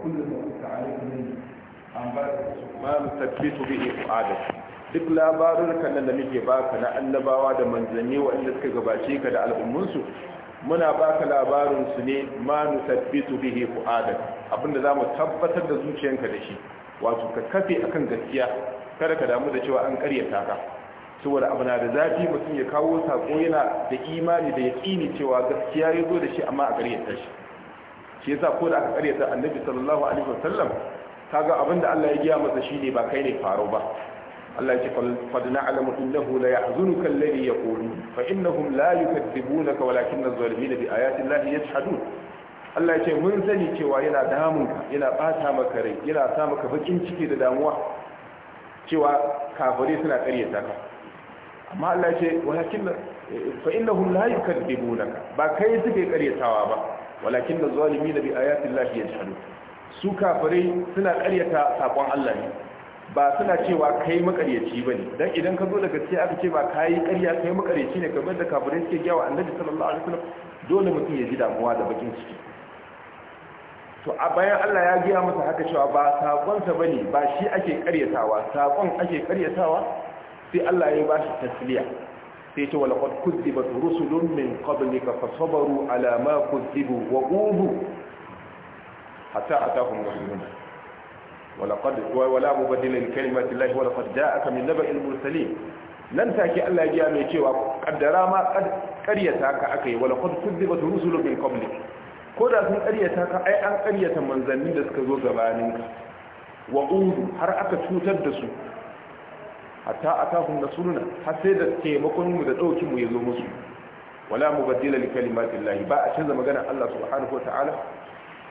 وكل ذلك عليهم ما تثبت به فؤادك duk labarurkan nan da muke baka na annabawa da manzanni waɗanda suka gabace ka da al'ummunsu muna baka labarin su ne ma nu tabbitu bihi fu'adak abinda zamu tabbatar da zuciyanka da shi wato ka kafe akan gaskiya kada ka damu da cewa an karyata ka saboda abu na da zafi mutum ya kawo sako yana da imani da yaqini cewa gaskiya yazo da shi amma a karyata shi shi yasa ko da aka karyata annabi sallallahu alaihi wasallam kaga abinda Allah ya giya masa shine ba kai ne faro ba Allah ya ce qad na'lamu innahu la yahzunuka alladhi yaqulu fa innahum la yukadzibunaka walakin adh-dhalimina bi ayati llahi yajhadun Allah ya ce mun sani cewa yana ka, yana bata maka rai yana sa maka bakin ciki da damuwa cewa kafirai suna karyata ka amma Allah ya ce walakin fa innahum la yukadzibunaka ba kai suke karyatawa ba walakin da zalimi da bi ayatin lahi ya jihadu su kafirai suna karyata sakon Allah ne ba suna cewa kai makaryaci ba ne don idan ka zo da gaske aka ce ba kayi yi karya kai makaryaci ne kamar da kafirai suke gyawa annabi sallallahu alaihi wasallam dole mutum ya ji damuwa da bakin ciki to a bayan Allah ya gaya masa haka cewa ba sa bane ba shi ake karyatawa sakon ake karyatawa sai Allah ya ba shi tasliya تيتو ولقد كذبت رسل من قبلك فصبروا على ما كذبوا وأوذوا حتى اتاهم رسولنا ولقد ولا مبدل لكلمات الله ولقد جاءك من نبأ المرسلين لن تاكي الله جاء من يتيوى قد راما قد قريتاك أكي ولقد كذبت رسل من قبلك كودا سن قريتاك أي أن قريتا من ذنبك ذو زبانك وقوم هرأك hatta atakum rasuluna har sai da taimakon mu da dauki mu yazo musu wala mubaddila li kalimatillahi ba a canza magana Allah subhanahu wataala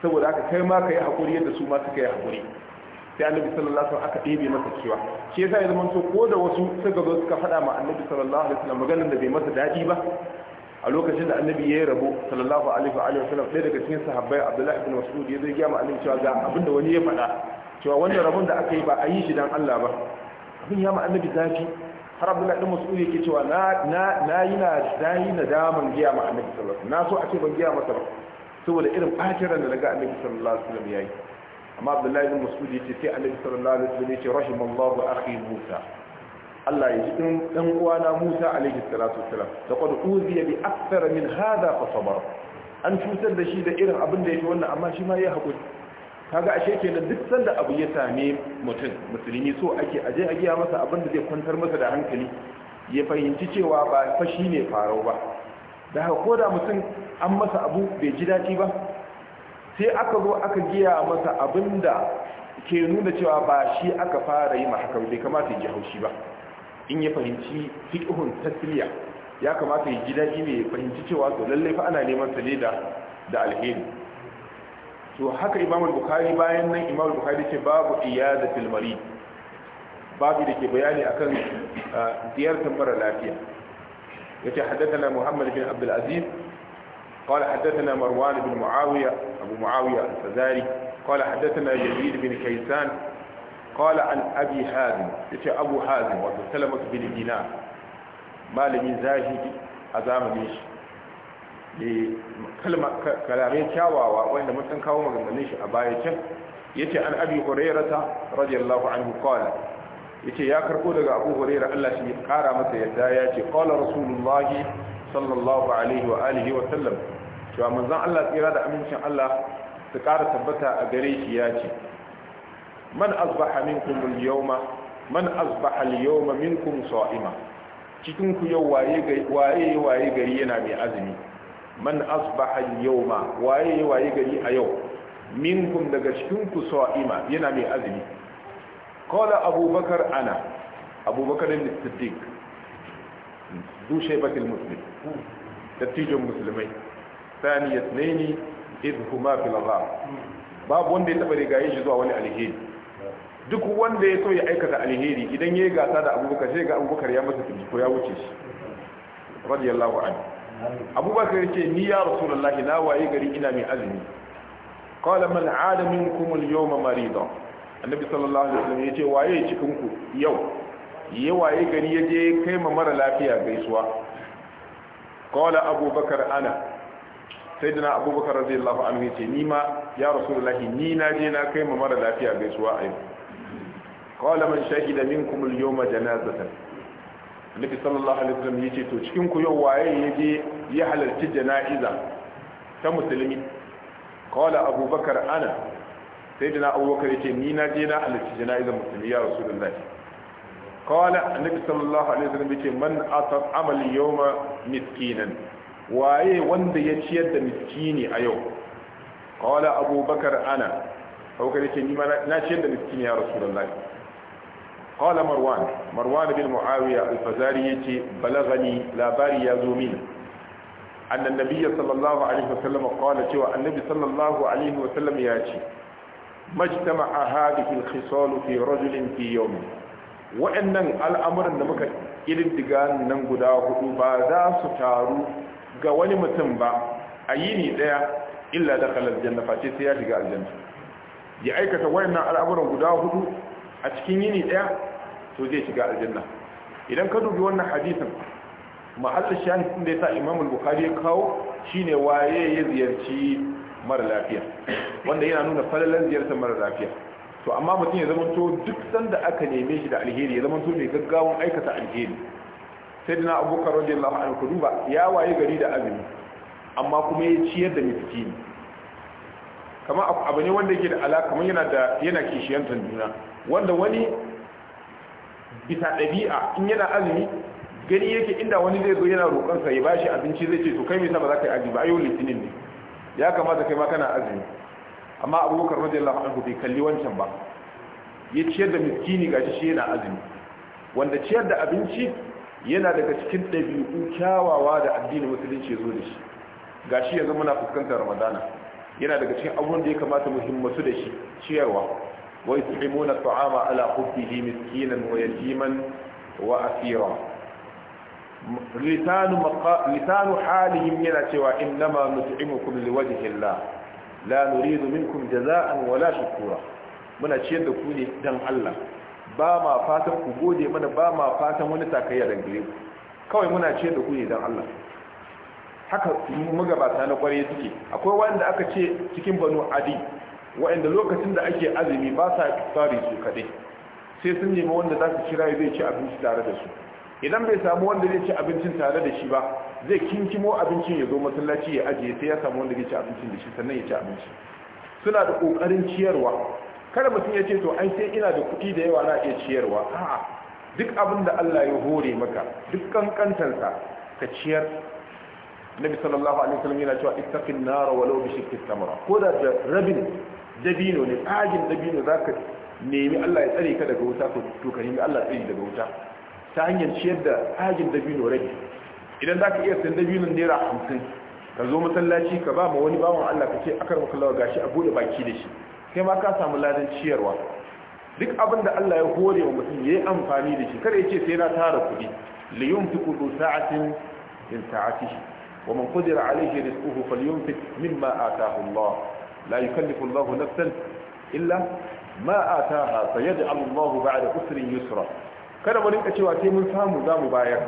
saboda haka kai ma kai hakuri yadda su ma suka yi hakuri sai annabi sallallahu alaihi wasallam aka ɗebe masa cewa shi yasa ya zama to ko da wasu suka zo suka faɗa ma annabi sallallahu alaihi wasallam maganar da bai masa daɗi ba a lokacin da annabi ya yi rabo sallallahu alaihi wa alihi wasallam ɗaya daga cikin sahabbai abdullahi ibn mas'ud ya zai gaya ma annabi cewa ga abin da wani ya faɗa cewa wannan rabon da aka yi ba a yi shi dan Allah ba abin ya ma annabi zafi har abin ɗin masu yake cewa na yi na dayi na daman giya ma annabi sallallahu na so a ce ban giya masa ba saboda irin ɓacin da na ga annabi sallallahu alaihi wasallam ya yi amma abdullahi bin mas'ud yace sai annabi sallallahu alaihi wasallam yace rahimallahu akhi musa Allah ya ji din dan uwana Musa alaihi salatu da laqad uziya bi akthar min hadha fa sabar an cutar da shi da irin abin da yake wannan amma shi ma ya haƙuri kaga ashe kenan duk sanda abu ya same mutum musulmi so ake aje a giya masa abin da zai kwantar masa da hankali ya fahimci cewa ba fa ne farau ba da haka ko da mutum an masa abu bai ji daɗi ba sai aka zo aka giya masa abin da ke nuna cewa ba shi aka fara yi haka bai kamata ya haushi ba in ya fahimci fiqhun tasliya ya kamata ya ji daɗi ne ya fahimci cewa to lallai fa ana neman sa da da alheri to haka imam al-bukhari bayan nan imam al-bukhari ce babu iyada fil marid babu da ke bayani akan ah, ziyartar mara lafiya yace haddathana muhammad bin abdul aziz قال حدثنا مروان بن معاوية أبو معاوية الفزاري قال حدثنا يزيد بن كيسان قال عن أبي حازم يتي أبو حازم وسلمة بن دينار مالي زاهد أزام ليش da kalamai kyawawa wanda mutan kawo maganganun shi a baya can ya ce an abi hurairata radiyallahu anhu ya ce ya karko daga abu huraira Allah shi kara masa yadda ya ce qala rasulullahi sallallahu alaihi wa alihi wa sallam cewa manzon Allah tsira da amincin Allah su kara tabbata a gare shi ya ce man asbaha minkum al-yawma man asbaha al-yawma minkum sa'ima cikin ku yau waye waye waye gari yana mai azumi man asbaha yawma waye waye gari a yau minkum daga cikin ku sa'ima yana mai azumi qala abubakar ana abubakar as-siddiq du shaybatil muslim tattijin musulmai thani yasnaini idh fil ghar babu wanda ya taba rigaye shi zuwa wani alheri duk wanda ya so ya aikata alheri idan yayi gasa da abubakar sai ga abubakar ya masa ko ya wuce shi radiyallahu anhu abubakar ce ni ya rasulullahi na waye gari ina mai azumi qala man aada minkum al-yawma marida annabi sallallahu alaihi wasallam ce waye cikinku yau ya waye gari ya je kai ma mara lafiya gaisuwa qala abubakar ana sai sayyidina abubakar radiyallahu anhu yace ni ma ya rasulullahi ni na je na kai ma mara lafiya gaisuwa a yau qala man shahida minkum al-yawma janazatan nabi sallallahu alaihi wasallam yace to cikin ku yau waye yaje ya halarci jana'iza ta musulmi qala abubakar ana sayyidina abubakar yace ni na je na halarci jana'iza musulmi ya rasulullahi qala annabi sallallahu alaihi wasallam yace man atar amali yawma miskinan waye wanda ya ciyar da miskini a yau qala abubakar ana abubakar yace ni na ciyar da miskini ya rasulullahi qala marwan marwan bin muawiya al-fazari yace balagani labari ya zo mini annan nabiyyi sallallahu alaihi wasallam qala cewa annabi sallallahu alaihi wasallam ya ce majtama'a hadhihi al-khisal fi rajulin fi yawm wa'annan al'amuran da muka kididdiga nan guda hudu ba za su taru ga wani mutum ba a yini daya illa dakhala janna sai ya shiga ya aikata waɗannan al'amuran guda a cikin yini ɗaya? to zai shiga aljanna idan ka dubi wannan hadisin mahallin shahidin da ya sa al bukhari ya kawo shine waye ya ziyarci mara lafiya wanda yana nuna falalan ziyartar mara lafiya to amma mutum ya zama to duk sanda aka neme shi da alheri ya zama to mai gaggawan aikata alheri sai dina abubakar radiyallahu anhu ku duba ya waye gari da azumi amma kuma ya ciyar da miskini kamar abu ne wanda yake da alaka kamar yana da yana kishiyantar juna wanda wani bisa ɗabi'a in yana azumi gani yake inda wani zai zo yana roƙon sa ya bashi abinci zai ce to kai me yasa ba za ka yi azumi ba ayo litinin ne ya kamata kai ma kana azumi amma abubakar radiyallahu anhu bai kalli wancan ba ya ciyar da miskini gashi shi yana azumi wanda ciyar da abinci yana daga cikin ɗabi'u kyawawa da addinin musulunci ya zo da shi gashi yanzu muna fuskantar ramadana yana daga cikin abubuwan da ya kamata muhimmasu da shi ciyarwa ويطعمون الطعام على حبه مسكينا ويتيما وأسيرا لسان, مقا... لسان حالهم ينتوى إنما نطعمكم لوجه الله لا نريد منكم جزاء ولا شكورا muna ciyar da ku ne don Allah ba ma fatan ku gode mana ba ma fatan wani takayya da gare ku kawai muna ciyar da ku ne don Allah haka magabata na kwarai suke akwai wanda aka ce cikin banu adi wa'anda lokacin da ake azumi ba sa tsari su kaɗai sai sun nemi wanda za su kira zai ci abinci tare da su idan bai samu wanda zai ci abincin tare da shi ba zai kinkimo abincin ya zo masallaci ya ajiye sai ya samu wanda zai ci abincin da shi sannan ya ci abinci suna da kokarin ciyarwa kada mutum ya ce to ai sai ina da kuɗi da yawa na iya ciyarwa a'a duk abin da Allah ya hore maka duk kankantarsa ka ciyar Nabi sallallahu alaihi wasallam yana cewa ittaqin nar walau bi shiqqi tamra ko da rabin dabino ne tsagin dabino za ka nemi Allah ya tsare ka daga wuta to ka nemi Allah tsare daga wuta ta hanyar ciyar da tsagin dabino rabi idan za ka iya sayan dabino naira hamsin ka zo masallaci ka ba ma wani bawan Allah ka ce akar maka lawa gashi a bude baki da shi kai ma ka samu ladan ciyarwa duk abin da Allah ya hore wa mutum yayi amfani da shi kada ya ce sai na tara kuɗi li yumtiku du sa'atin min sa'atihi wa man qadira alayhi rizquhu falyumtik mimma ataahu Allah لا يكلف الله نفسا إلا ما آتاها سيدع الله بعد أسر yusra kada mu rinka cewa sai mun samu zamu bayar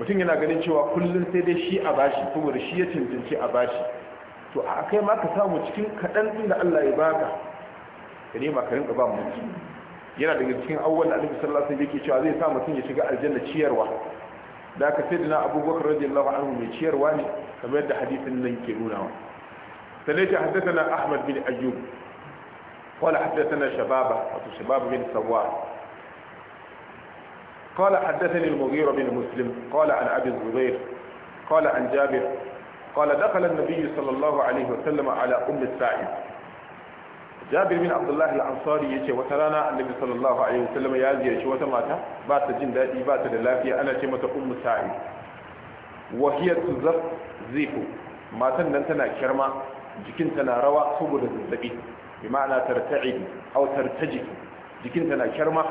mutum yana ganin cewa kullum sai dai shi a bashi kuma shi ya cancanci a bashi to a kai ma ka samu cikin kaɗan ɗin da Allah ya baka ka nema ka rinka ba mutum yana daga cikin awwal da Annabi sallallahu alaihi wasallam yake cewa zai sa mutum ya shiga aljanna ciyarwa da aka sai dina abubakar radiyallahu anhu mai ciyarwa ne kamar yadda hadisin nan ke nunawa سليت حدثنا أحمد بن أيوب قال حدثنا شبابة شباب بن سوار قال حدثني المغيرة بن مسلم قال عن أبي الزبير قال عن جابر قال دخل النبي صلى الله عليه وسلم على أم السائب جابر بن عبد الله الأنصاري يجي وترانا النبي صلى الله عليه وسلم يا زيرش وتماتا بات جن دائي بات للافية أنا جمة أم السائب وهي تزف زيفو ما تنن تنا كرما jikinta na rawa saboda zazzabi bi ma'ana tarta'idu aw tartaji jikinta na kyarma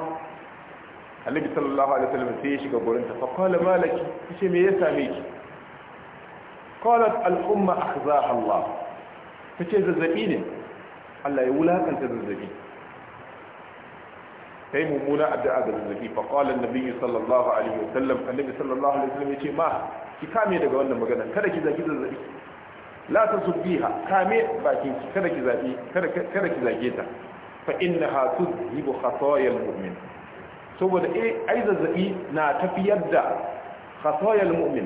annabi sallallahu alaihi wasallam sai ya shiga gurin ta fa qala malaki kace me ya same ki qalat al umma akhzaha Allah kace zazzabi ne Allah ya wulakanta zazzabi sai mummuna addu'a ga zazzabi fa qala an-nabi sallallahu alaihi wasallam annabi sallallahu alaihi wasallam yace ma ki kame daga wannan magana kada ki zaki zazzabi la ta ha, kame bakin ki kada ki zage kada ki zage ta fa innaha tudhibu khataayal mu'min saboda eh ai zazzabi na tafiyar da khataayal mu'min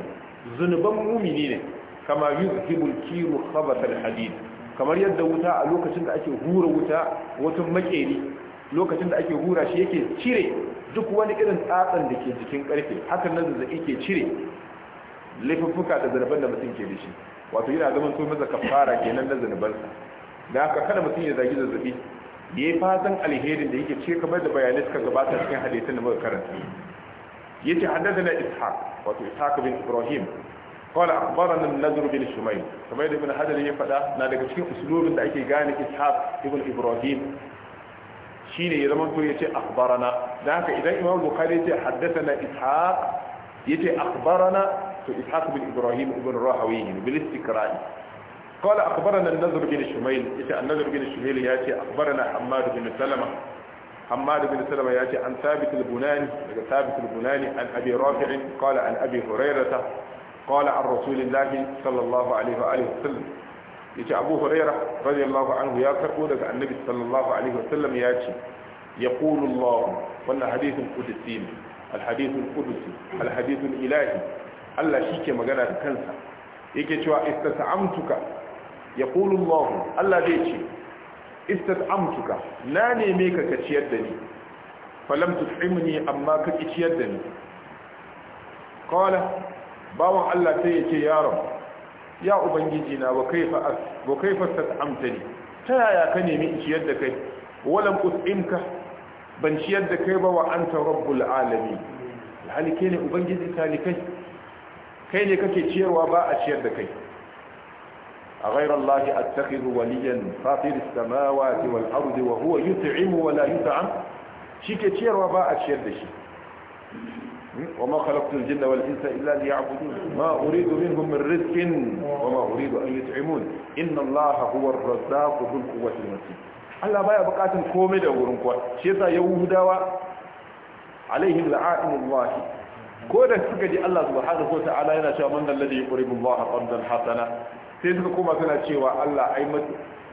zunuban mu'mini ne kama yuzhibu al-kiru khabath al-hadid kamar yadda wuta a lokacin da ake hura wuta wata makeri lokacin da ake hura shi yake cire duk wani irin tsatsan da ke jikin karfe hakan nan zazzabi ke cire laifuffuka da zarban da mutum ke da shi wato yana zaman to maza kafara kenan na zanubansa da haka kada mutum ya zagi zazzabi ya yi fatan alherin da yake ce kamar da bayanai suka gabata cikin hadisin da muka karanta yace na ishaq wato ishaq bin ibrahim قال أخبرنا النذر بن شميل شميل بن هذا ya faɗa na daga cikin usulobin da ake gane Ishaq ibn Ibrahim shine ya zama to yace akhbarana da haka idan Imam Bukhari yace haddathana Ishaq yace akhbarana إسحاق بن إبراهيم بن راهويه بالاستكراء قال أخبرنا النذر بن الشميل إذا النذر بن الشميل يأتي أخبرنا حماد بن سلمة حماد بن سلمة يأتي عن ثابت البناني ثابت البناني عن أبي رافع قال عن أبي هريرة قال عن رسول الله صلى الله عليه وآله وسلم يأتي أبو هريرة رضي الله عنه يقول عن النبي صلى الله عليه وسلم يأتي يقول الله وأن حديث قدسي الحديث القدسي الحديث الإلهي Allah shi ke magana da kansa yake cewa ya yaqulu Allah Allah zai ce istas'amtuka na neme ka ka ciyar da ni falam tut'imni amma ka ki ciyar da ni qala bawan Allah sai yace ya rab ya ubangiji na ba kai fa wa kaifa tas'amtani ta yaya ka nemi in ciyar da kai walam ut'imka ban ciyar da kai ba wa an anta rabbul alamin alhalike ne ubangiji talikai kai ne kake ciyarwa ba a ciyar da kai a ghairar lahi a takiru waliyan fatir samawa ti wal ardi wa huwa yut'imu wa la yut'am shi ke ciyarwa ba a ciyar da shi wa ma khalaqtul jinna wal insa illa liya'budun ma uridu minhum min rizqin wa ma uridu an yut'imun inna allaha huwa ar-razzaq dhul quwwati al-matin Allah baya bukatun komai da wurin kuwa shi yasa yahudawa alaihim la'a'inullahi ko da suka ji Allah subhanahu wataala yana cewa man alladhi yuqribu Allah qardan hasana sai suka koma suna cewa Allah ai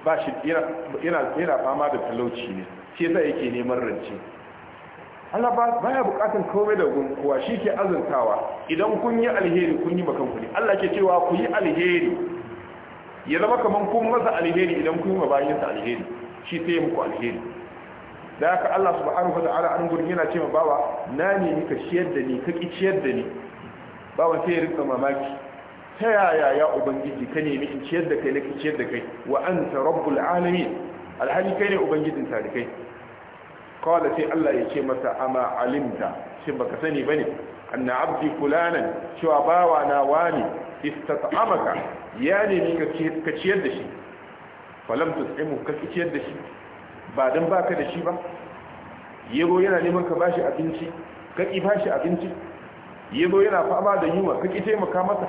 ba shi yana yana fama da talauci ne shi yasa yake neman rance Allah ba baya bukatun komai da gunkuwa shi ke azantawa idan kun yi alheri kun yi makan kuni Allah ke cewa ku yi alheri ya zama kaman kun masa alheri idan kun yi mabayinsa alheri shi sai ya muku alheri da haka Allah subhanahu wa ta'ala an gurin yana cewa bawa na ne ka ciyar da ni ka ki ciyar da ni bawa sai ya rinka mamaki ta yaya ya ubangiji ka nemi in ciyar da kai na ki ciyar da kai wa anta rabbul alamin alhali kai ne ubangijin talikai qala sai Allah ya ce masa ama alimta shin baka sani bane anna abdi fulanan cewa bawa na wani istat'amaka ya nemi ka ciyar da shi falam tus'imu ka ciyar da shi ba don ba ka da shi ba yego yana neman ka bashi abinci ka ƙi bashi abinci yego yana fama da yunwa ka ƙi taimaka masa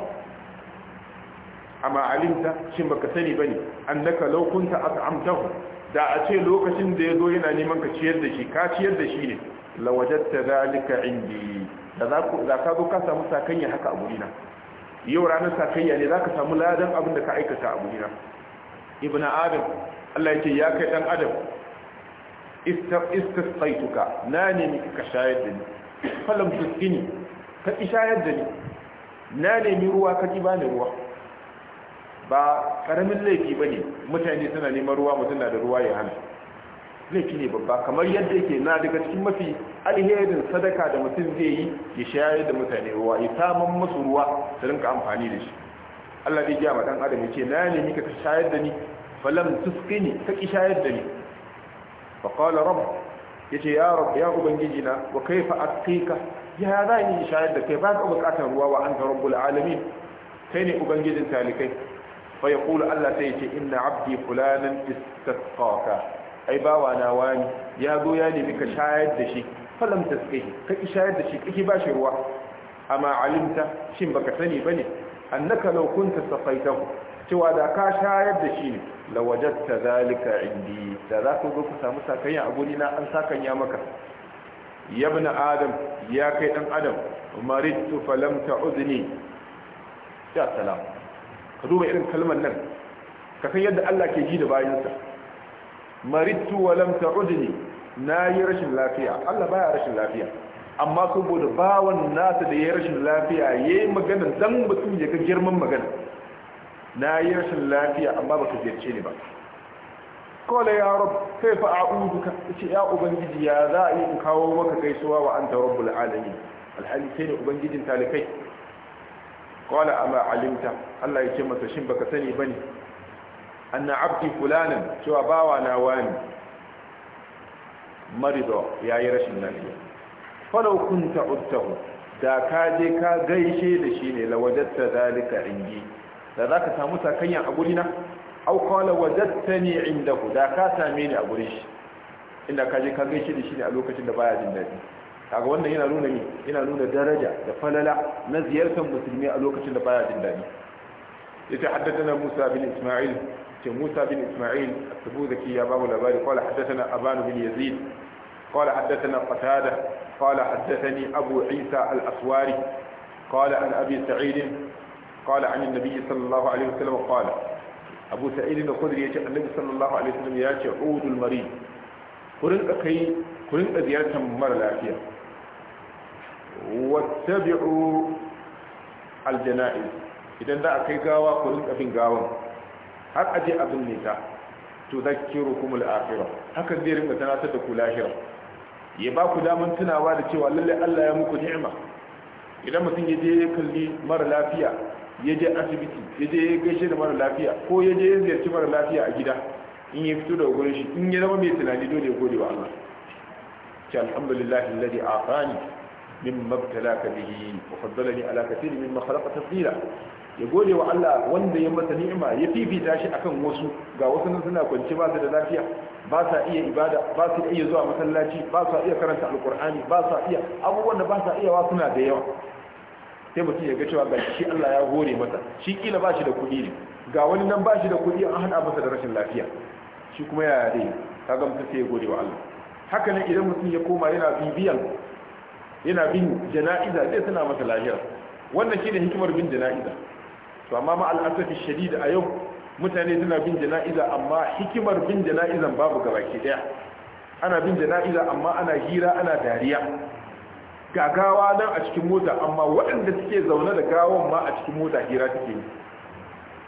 amma alimta ba baka sani bane annaka laukunta a at'amtahu da a ce lokacin da yazo yana neman ka ciyar da shi ka ciyar da shi ne lawajadta zalika indi da za ku za ka zo ka samu sakanya haka a gurina yau ranar sakayya ne zaka samu ladan abin da ka aikata a gurina ibnu adam Allah yake ya kai dan adam istisqaituka na nemi ka shayar da ni falam tuskini ka ki shayar da ni na nemi ruwa ka ki bani ruwa ba karamin laifi bane mutane suna neman ruwa mutum na da ruwa ya hana laifi ne babba kamar yadda yake na daga cikin mafi alherin sadaka da mutum zai yi ya shayar da mutane ruwa ya saman musu ruwa su rinka amfani da shi Allah zai gaya ma dan adam ce na nemi ka shayar da ni falam tuskini ka ki shayar da ni fa qala yace ya rabb ya ubangiji na wa kaifa ka?" ya za ni shayar da kai ba ka bukatar ruwa wa anta rabbul alamin kai ne ubangijin talikai fa kula allah sai yace inna abdi fulanan istasqaka ai bawa na wani ya zo ya nemi ka shayar da shi falam tasqihi ka shayar da shi kike ba shi ruwa amma alimta shin baka sani bane annaka law ta saqaitahu cewa da ka shayar da shi ne lawajatta zalika indi da za ku ga ku samu sakanya a guri na an sakanya maka Yabna adam ya kai dan adam maritu falam ta'udni ya salam ka duba irin kalmar nan ka san yadda Allah ke ji da bayansa. maritu wa lam na nayi rashin lafiya Allah baya rashin lafiya amma saboda bawan nasa da yayi rashin lafiya yayi magana dan mutum ya ga girman magana na yi rashin lafiya amma baka ziyarce ni ba kola ya kai fa a'udu ka ce ya ubangiji ya za a yi in kawo maka gaisuwa wa anta rabbul alamin alhali kai ne ubangijin talikai kola amma alimta Allah ya ce masa shin baka sani bane anna abdi fulanan cewa bawa na wani marido ya yi rashin lafiya falau kunta da ka je ka gaishe da shi ne lawajatta zalika inji da za ka samu sakanya a gurina au kawala wajatta ne inda ku da ka same ni a gurin shi inda ka je ka gaishe da shi ne a lokacin da baya jin daɗi kaga wannan yana nuna ne yana nuna daraja da falala na ziyartar musulmi a lokacin da baya jin daɗi yace na Musa bin Isma'il ce Musa bin Isma'il at-Tabuzaki ya babu labari kawala qala na Aban bin Yazid na fatada kawala qala haddathani Abu Isa al-Aswari qala an Abi Sa'id قال عن النبي صلى الله عليه وسلم قال أبو سعيد الخدري يجي النبي صلى الله عليه وسلم يجي عود المريض كرن أكي كرن أزيارة مرة العافية واتبعوا الجنائز إذا لا أكي قاوة كرن أبن قاوة هل أجي أبن نساء تذكركم الآخرة هكذا ديرم تناسدكم الآخرة ya ba ku daman tunawa da cewa lallai Allah ya muku ni'ima idan mutum ya je ya kalli mara lafiya ya je asibiti ya je ya gaishe da mara lafiya ko ya je ya ziyarci mara lafiya a gida in ya fito daga gurin shi in ya zama mai tunani dole ya gode wa Allah ki alhamdulillah alladhi afani mimma ibtalaka bihi wa faddalani ala kathirin mimma khalaqa tafdila ya gode wa Allah wanda ya masa ni'ima ya fifita shi akan wasu ga wasu nan suna kwance ba su da lafiya ba sa iya ibada ba su iya zuwa masallaci ba sa iya karanta alqur'ani ba sa iya abubuwan da ba sa iya wa suna da yawa sai mutum ya ga cewa ga shi Allah ya hore masa shi kila ba shi da kuɗi ne ga wani nan ba shi da kuɗi an hada masa da rashin lafiya shi kuma ya Ka ga mutum sai ya gode wa Allah haka nan idan mutum ya koma yana bibiyan yana bin jana'iza sai tana masa lafiya, wannan shine hikimar bin jana'iza to amma ma al'asafi shadid a yau mutane suna bin jana'iza amma hikimar bin jana'izan babu gabaki daya ana bin jana'iza amma ana hira ana dariya ga gawa nan a cikin mota amma waɗanda suke zaune da gawon ma a cikin mota hira take yi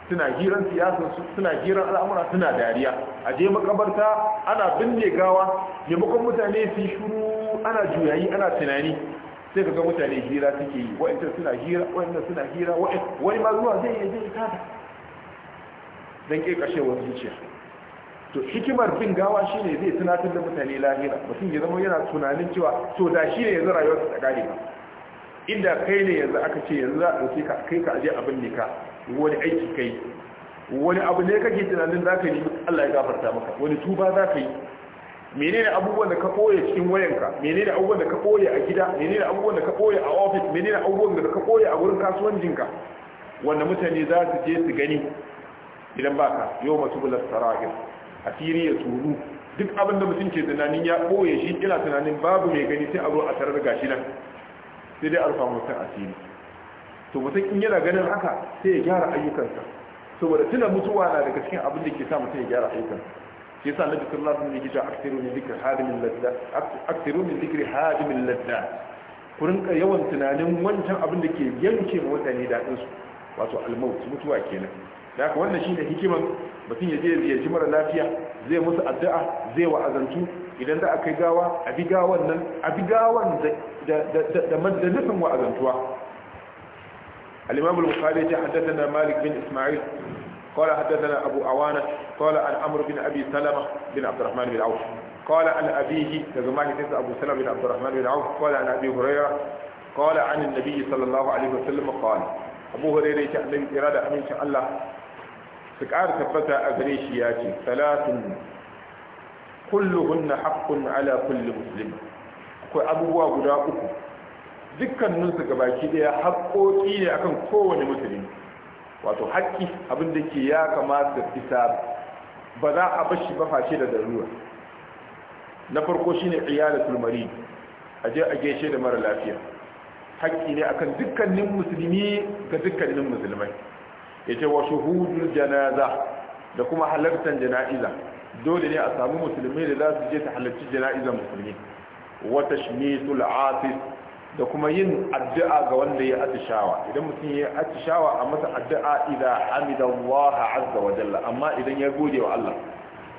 suna hiran siyasarsu suna hiran al'amura suna dariya a je makabarta ana binne gawa maimakon mutane su shuru ana juyayi ana tunani sai kaga mutane hira suke yi wa'ancan suna hira wa'ancan suna hira wani ma zuwa zai yi zai tada kashe wani zuciya to hikimar bin gawa shine zai tunatar da mutane lahira mutum ya zama yana tunanin cewa to da shi ne yanzu rayuwar ta kare ba inda kai ne yanzu aka ce yanzu za a ɗauke ka kai ka aje abin ne ka wani aiki kai wani abu ne kake tunanin za ka yi Allah ya gafarta maka wani tuba za ka yi menene abubuwan da ka koya cikin wayanka menene abubuwan da ka koya a gida menene abubuwan da ka koya a office menene abubuwan da ka koya a gurin kasuwancinka wanda mutane za su je su gani idan baka yau masu bular sara'ir asiri ya tsoro duk abin da mutum ke tunanin ya ɓoye shi ina tunanin babu mai gani sai a zo a tarar shi nan sai dai a rufa mutum asiri to mutum in yana ganin haka sai ya gyara ayyukansa saboda tuna mutuwa na daga cikin abin da ke sa mutum ya gyara ayyukansa shi yasa na sallallahu alaihi ne gida aktiru min dhikri hadimin ladda ku rinka yawan tunanin wancan abin da ke yanke mutane dadin su wato almaut mutuwa kenan da haka wannan ne hikimar mutum ya je ya ziyarci mara lafiya zai musu addu'a zai wa'azantu idan za a kai gawa a bi gawan nan a bi gawan da majalisin wa'azantuwa alimamul imam ya ce haddathana malik bin isma'il kawai حدثنا أبو عوانة قال عن عمرو بن أبي سلمة بن عبد الرحمن بن عوف قال عن أبيه كزمان كنت أبو سلمة بن عبد الرحمن بن kawai قال عن أبي هريرة قال عن النبي صلى الله عليه وسلم قال أبو هريرة النبي إرادة da amincin allah. su ƙara tabbata a gare shi ya ce salatun na haƙƙun ala kulli muslim akwai abubuwa guda uku dukkanin ga gabaki daya haƙoƙi ne akan kowane musulmi wato haƙƙi abinda ke ya kamata bisa ba za a bashi ba face da darura na farko shine iyalatul marid aje a gaishe da mara lafiya haƙƙi ne akan dukkanin musulmi ga dukkanin musulmai yace wa shuhudul janaza da kuma halartar jana'iza dole ne a samu musulmi da za su je ta halarci jana'izar musulmi wa tashmitul atis da kuma yin addu'a ga wanda ya atishawa idan mutum ya atishawa a masa addu'a idan hamidallaha azza wa jalla amma idan ya gode wa Allah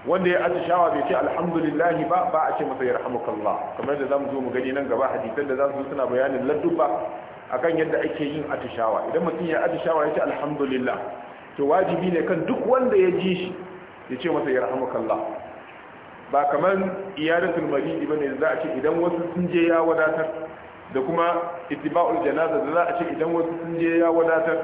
wanda ya atishawa bai ce alhamdulillah ba ba a ce masa yarhamukallah kamar da zamu zo mu gani nan gaba hadisan da za su suna bayanin ladduba akan yadda ake yin atishawa idan mutum ya atishawa ya ce alhamdulillah to wajibi ne kan duk wanda ya ji shi ya ce masa yarhamukallah ba kamar iyadatul maridi bane za a ce idan wasu sun je ya wadatar da kuma ittiba'ul janaza da za a ce idan wasu sun je ya wadatar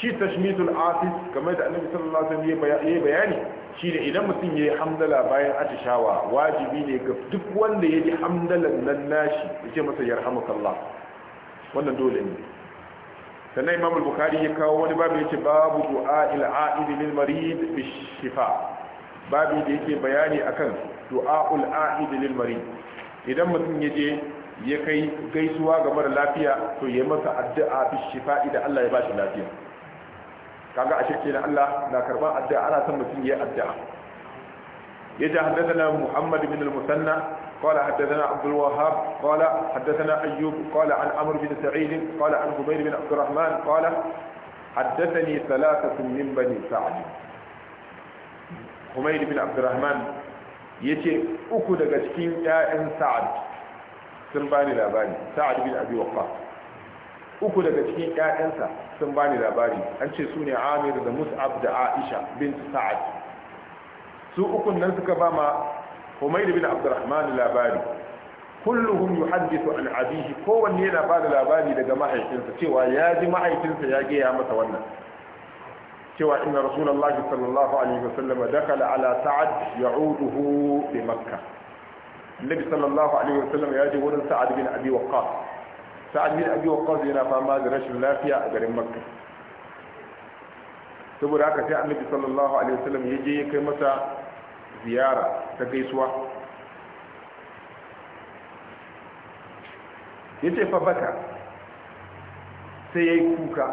shi tashmitul asis, kamar da annabi sallallahu alaihi wasallam ya bayani shi ne idan mutum yayi hamdala bayan atishawa wajibi ne ga duk wanda ya ji hamdalan nan nashi ya ce masa yarhamukallah wannan dole ne sannan imam al-bukhari ya kawo wani babu yace babu du'a il a'id lil marid bi shifa babu da yake bayani akan du'a ul a'id lil marid idan mutum ya je ya kai gaisuwa ga mara lafiya to ya masa addu'a bi shifa idan Allah ya bashi lafiya kaga a shirke na Allah na karban addu'a ana son mutum ya addu'a ya ji na Muhammad bin al-Musanna قال حدثنا عبد الوهاب قال حدثنا أيوب قال عن عمرو بن سعيد قال عن هبير بن عبد الرحمن قال حدثني ثلاثة من بني سعد هبير بن عبد الرحمن yace uku daga cikin ƴaƴan Sa'ad sun bani labari Sa'ad bin Abi uku daga cikin ƴaƴansa sun bani labari an ce su ne Amir da Mus'ab da Aisha bint Sa'ad su ukun nan suka ba ma humayd bin abdurrahman labari yu yuhaddithu an abihi kowanne yana ba da labari daga mahaifinsa cewa ya ji mahaifinsa ya gaya masa wannan cewa inna rasulullahi sallallahu alaihi wasallam dakala ala sa'ad ya'uduhu bi makkah annabi sallallahu alaihi wasallam ya je wurin sa'ad bin abi waqqas sa'ad bin abi waqqas yana fama da rashin lafiya a garin makka saboda haka sai annabi sallallahu alaihi wasallam ya je ya kai masa ziyara ta gaisuwa ya ce fa baka sai ya yi kuka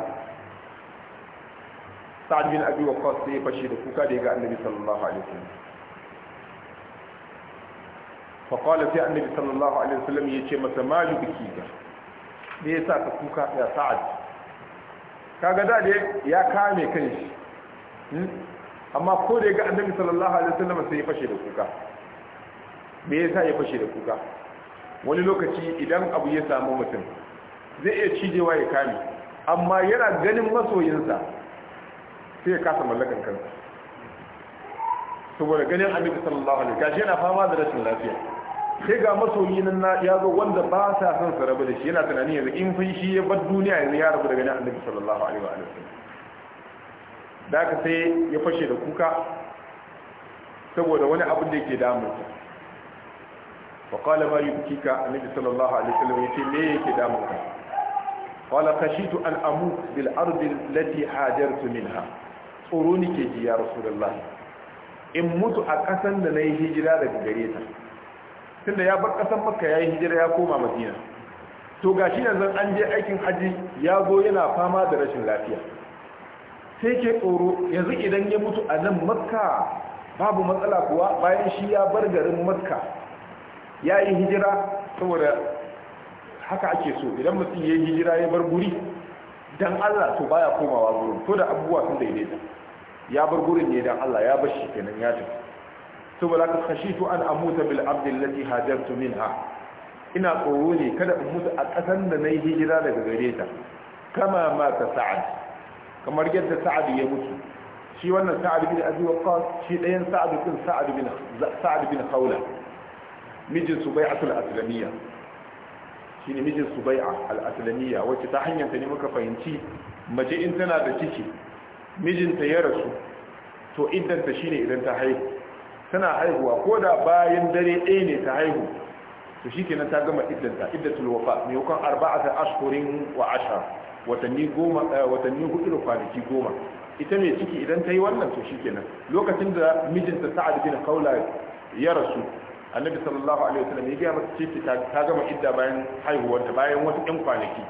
sa'ad bin abi waqas sai ya fashe da kuka da ya ga annabi sallallahu alaihi wasallam fa qala sai annabi sallallahu alaihi wasallam ya ce masa ma ga da me sa ka kuka ya sa'ad kaga da ya kame kan shi? Hmm? amma ko da ya ga annabi sallallahu alaihi wasallam sai ya fashe da kuka me yasa ya fashe da kuka wani lokaci idan abu ya samu mutum zai iya cijewa ya kame amma yana ganin masoyinsa sai ya kasa mallakan kansa saboda ganin annabi sallallahu alaihi wasallam yana fama da rashin lafiya sai ga masoyi nan ya zo wanda ba sa son sa rabu da shi yana tunanin yanzu in fa shi ya bar duniya yanzu ya rabu da ganin annabi sallallahu alaihi wasallam da aka sai ya fashe da kuka saboda wani abin da yake damunsa wa qala ma yubkika annabi sallallahu alaihi wasallam yace me yake damunka qala khashitu an amut bil ardi allati hajartu minha tsoro nike ji ya rasulullahi in mutu a kasan da nayi hijira daga gare ta tunda ya bar kasan makka yayi hijira ya koma madina to gashi yanzu an je aikin haji ya zo yana fama da rashin lafiya sai ke tsoro yanzu idan ya mutu a nan makka babu matsala kuwa bayan shi ya bar garin makka ya yi hijira saboda haka ake so idan mutum ya yi hijira ya bar guri don allah to baya komawa gurin to da abubuwa sun daidaita ya bar gurin ne don allah ya bar shi kenan ya tafi saboda ka to an amuta bil Abdullahi allati hajartu ha ina tsoro ne kada in mutu a ƙasar da na yi hijira daga gare ta kama ma ta sa'ad kamar yadda sa'ad ya mutu shi wannan sa'ad bin abi waqqas shi ɗayan sa'ad bin sa'ad bin sa'ad bin khawla mijin al aslamiyya shine mijin subai'a al-aslamiyya wacce ta hanyar ta ne muka fahimci mace in tana da ciki mijinta ya rasu to iddanta shine idan ta haihu tana haihuwa ko da bayan dare ɗaya ne ta haihu to kenan ta gama iddanta iddatul wafa mai hukun arba'ata ashkurin wa ashar watanni goma eh, watanni hudu da kwanaki goma ita mai ciki idan ta yi wannan to kenan. lokacin da mijinta sa'ad bin kaula ya rasu annabi sallallahu alaihi wasallam ya gaya mata ciki ta gama idda bayan haihuwarta bayan wasu ɗan kwanaki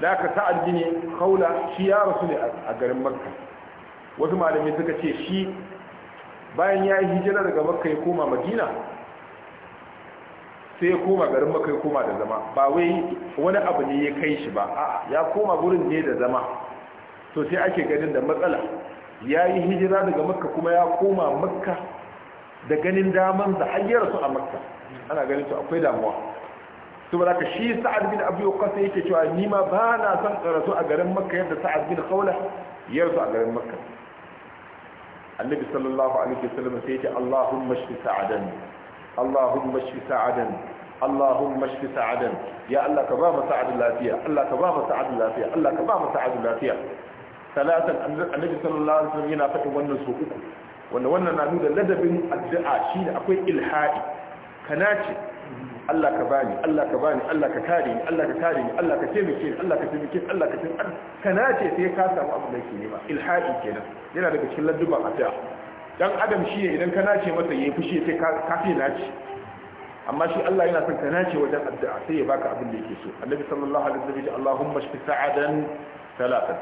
da aka sa'ad bin kaula shi ya rasu ne a garin makka wasu malamai suka ce shi bayan ya yi hijira daga makka ya koma madina sai ya koma garin maka ya koma da zama ba wai wani abu ne ya kai shi ba a ya koma gurin ne da zama to sai ake ganin da matsala ya yi hijira daga makka kuma ya koma makka da ganin daman da hanyar su a makka ana ganin su akwai damuwa saboda ka shi sa'ad bin abu yau yake cewa nima ma ba na san rasu a garin makka yadda sa'ad bin kaula ya rasu a garin makka annabi sallallahu alaihi wasallam sai ya ce allahumma shfi sa'adan اللهم اشف سعدا اللهم اشف سعدا يا الله كباب سعد اللافية الله كباب سعد اللافية الله كباب سعد اللافية ثلاثا النبي صلى الله عليه وسلم yana faɗin wannan su uku wanda wannan na nuna ladabin addu'a shine akwai ilha'i kana ce Allah ka bani Allah ka bani Allah ka kare ni Allah ka kare ni Allah ka taimake ni Allah ka taimake ni Allah ka taimake ni kana ce sai ka samu abin da yake nema ilha'i kenan yana daga cikin ladabin addu'a dan adam shi ne idan ka nace masa yayi fushi sai ka fi nace amma shi Allah yana son ka nace wajen addu'a sai ya baka abin da yake so annabi sallallahu alaihi wasallam ya ce Allahumma shfi sa'adan thalathan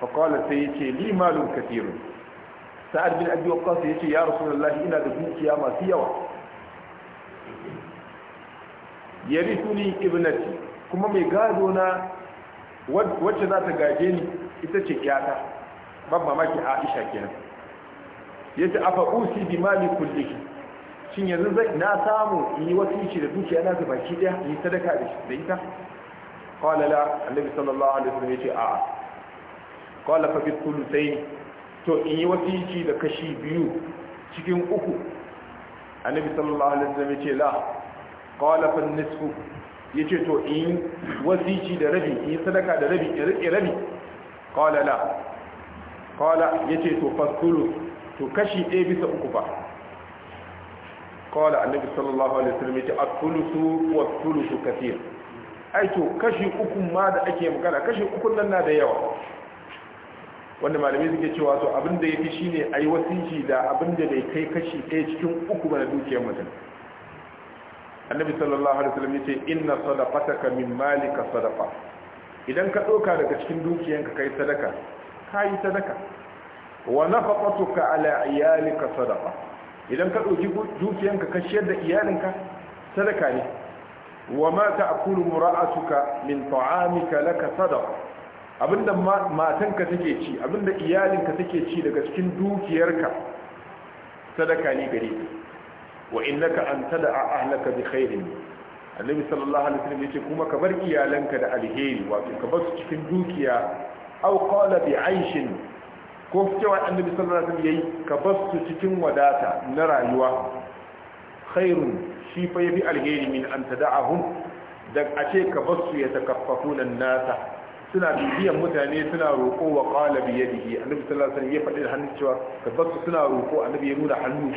fa qala sai yace li malun kathir sa'ad bin abi waqqas yace ya rasulullah ina da dukiya masu yawa yarithuni ibnati kuma mai gado na wacce za ta gaje ni ita ce kyata ban mamaki Aisha kenan ce afa usi bi mali shi, shin yanzu zai na samu yi wasici da dukiya na shi daya yi sadaka da shi da ita qala la annabi sallallahu alaihi wasallam yace a'a qala fafi Kulu sai to in yi wasici da kashi biyu cikin uku annabi sallallahu alaihi wasallam ce la qala fa nisfu ce to in yi wasici da rabi in yi sadaka da rabi in rike rabi qala la ya ce to fa to kashi ɗaya bisa uku ba kawala annabi sallallahu alaihi wasallam yace at-thuluthu wa thuluthu kathir ai to kashi uku ma da ake magana kashi uku nan na da yawa wanda malamai suke cewa to abin da yafi shine ai wasiki da abin da bai kai kashi ɗaya cikin uku ba na dukiyar mutum annabi sallallahu alaihi wasallam yace inna sadaqataka min malika sadaqa idan ka doka daga cikin dukiyanka kai sadaka kai sadaka wa nafaqatuka ala iyalika sadaqa idan ka dauki dukiyanka ka shiyar da iyalinka sadaka ne wa ma ta'kulu mura'atuka min ta'amika laka sadaqa abinda matanka take ci abinda iyalinka take ci daga cikin dukiyarka sadaka ne gare ka wa innaka an tada'a ahlaka bi khairin annabi sallallahu alaihi wasallam yace kuma ka bar iyalanka da alheri wato ka bar su cikin dukiya aw qala bi aishin ko cewa annabi sallallahu alaihi wasallam yayi ka basu cikin wadata na rayuwa khairun shi fa yabi alheri min an tada'ahum da a ce ka basu ya takaffafuna nasa suna bibiyan mutane suna roƙo wa qala bi yadihi annabi sallallahu alaihi wasallam ya faɗi da hannun cewa ka basu suna roƙo annabi ya nuna hannu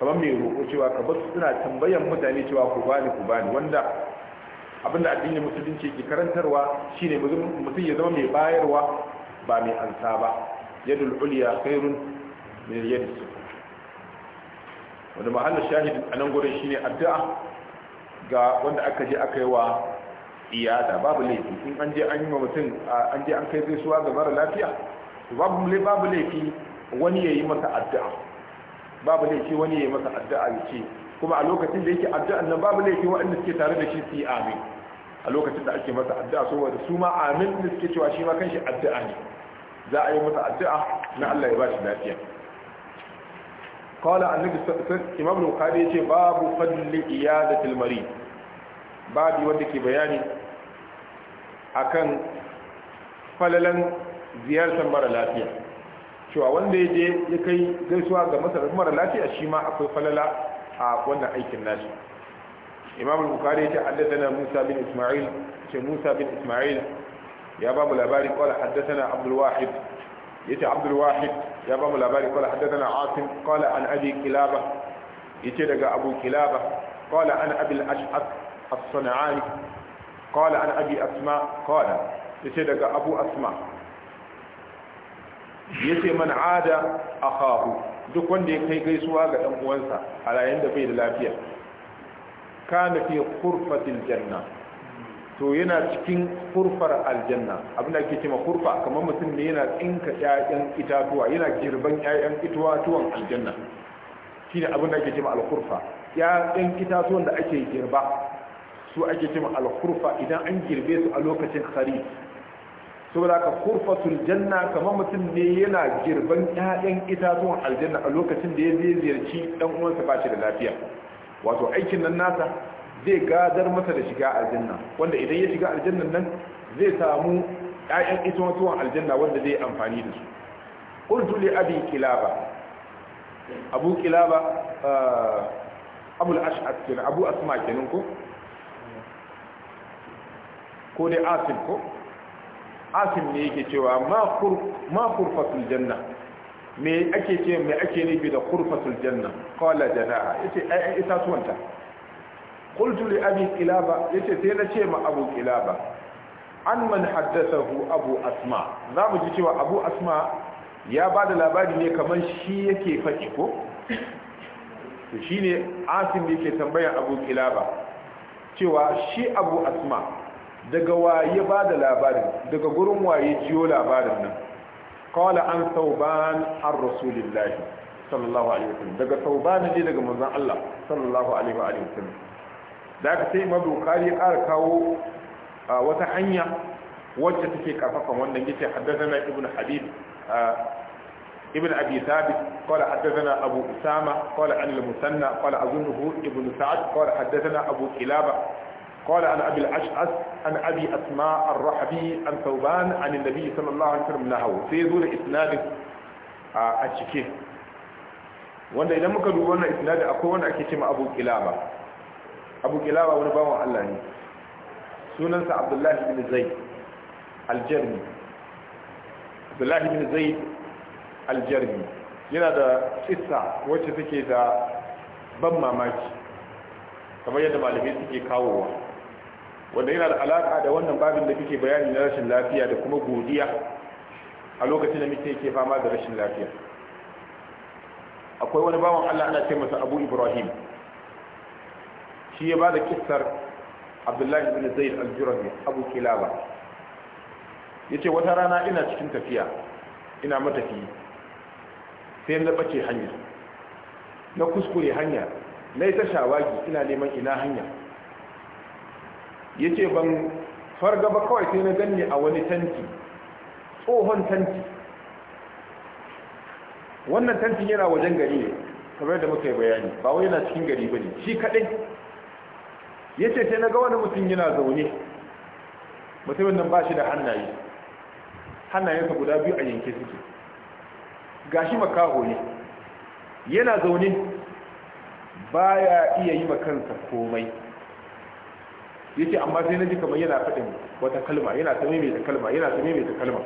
kamar mai roƙo cewa ka basu suna tambayan mutane cewa ku bani ku bani wanda abinda addinin musulunci ke karantarwa shine mutum ya zama mai bayarwa ba mai ansa ba yadul ulya khairun min yadis wanda mahallin shahid a nan shi ne addu'a ga wanda aka je aka yi wa iyada babu laifi in an je an yi wa mutum an je an kai gaisuwa ga mara lafiya babu laifi wani ya yi masa addu'a babu laifi wani ya yi masa addu'a ya ce kuma a lokacin da yake addu'an nan babu laifi waɗanda suke tare da shi su yi amin a lokacin da ake masa addu'a saboda su ma amin da suke cewa shi ma kanshi addu'a ne za a yi masa addu'a na Allah ya ba shi lafiya qala annabi imam bukhari yace babu fadli iyadatil marid babu wanda ke bayani akan falalan ziyartar mara lafiya cewa wanda ya je ya kai gaisuwa ga mara lafiya shi ma akwai falala a wannan aikin nashi imam bukhari yace haddathana musa bin isma'il ce musa bin isma'il يا باب الأباري قال حدثنا عبد الواحد يتي عبد الواحد يا باب الأباري قال حدثنا عاصم قال عن أبي كلابة يتي لقى أبو كلابة قال عن أبي الأشعث الصنعاني قال عن أبي أسماء قال يتي لقى أبو أسماء يتي من عاد أخاه duk wanda ya kai gaisuwa ga ɗan uwansa كان في da الجنه to yana cikin furfar aljanna abin da ake cewa furfa kamar mutum ne yana tsinka ƴaƴan itatuwa yana girban ƴaƴan itatuwan aljanna shine abin da ake cewa alkurfa ƴaƴan itatuwan da ake girba su ake cewa alkurfa idan an girbe su a lokacin kharif saboda ka furfatul janna kamar mutum ne yana girban ƴaƴan itatuwan aljanna a lokacin da ya ziyarci dan uwansa ba shi da lafiya wato aikin nan nasa zai gadar masa da shiga aljanna wanda idan ya shiga aljanna nan zai samu ƴaƴan itatuwan aljanna wanda zai amfani da su qultu li abi kilaba abu kilaba eh, abul ash'ad kenan abu asma kenan ko ko dai asim ko asim ne yake cewa ma kur ma kurfatul janna me ake ce me ake nufi da kurfatul janna qala janaha yace ai itatuwanta qultu li abi qilaba yace sai na ce ma abu qilaba an man haddathahu abu asma za mu ji cewa abu asma ya ba da labari ne kamar shi yake faɗi ko to shine asim yake tambayar abu qilaba cewa shi abu asma daga waye ba da labarin daga gurin waye jiyo labarin nan kawala an sauban an rasulillahi sallallahu alaihi wasallam daga sauban ne daga manzon Allah sallallahu alaihi wasallam da aka sai mabu kari ya ƙara kawo wata hanya wacce take karfafa wanda yake haddazana ibn habib ibn abi sabit kawai haddazana abu usama kawai an lamusanna kawai azun ibn sa'ad kawai haddazana abu kilaba kawai an abil ash'as an abi asma arrahabi an sauban an nabi sallallahu alaihi wasallam na hau sai zo da isnadin a cike wanda idan muka duba wannan isnadin akwai wanda ake cewa abu kilaba abu kilaba wani bawan Allah ne sunansa abdullahi bin zaid aljarmi abdullahi bin zaid aljarmi yana da kissa wacce take da ban mamaki kamar yadda malamai suke kawowa wanda yana da alaka da wannan babin da kike bayani na rashin lafiya da kuma godiya a lokacin da muke ke fama da rashin lafiya akwai wani bawan Allah ana ce masa Abu Ibrahim shi ya ba da kistar abdullahi bin zaid al-jurahi abu kilaba Ya ce wata rana ina cikin tafiya ina matafi sai na bace hanya na kuskure hanya na yi ta shawagi ina neman ina hanya Ya ce ban farga ba kawai sai na ganni a wani tanti tsohon tanti wannan tantin yana wajen gari ne kamar da muka yi bayani ba wai yana cikin gari ba ne shi kaɗai ya ce sai na ga wani mutum yana zaune mutumin nan ba shi da hannaye hannayensa guda biyu a yanke suke gashi makaho ne yana zaune baya iya yi kansa komai yace amma sai na ji kamar yana faɗin wata kalma yana ta maimaita kalma yana ta kalma